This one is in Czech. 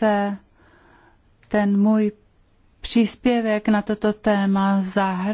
jste ten můj příspěvek na toto téma zahrnul.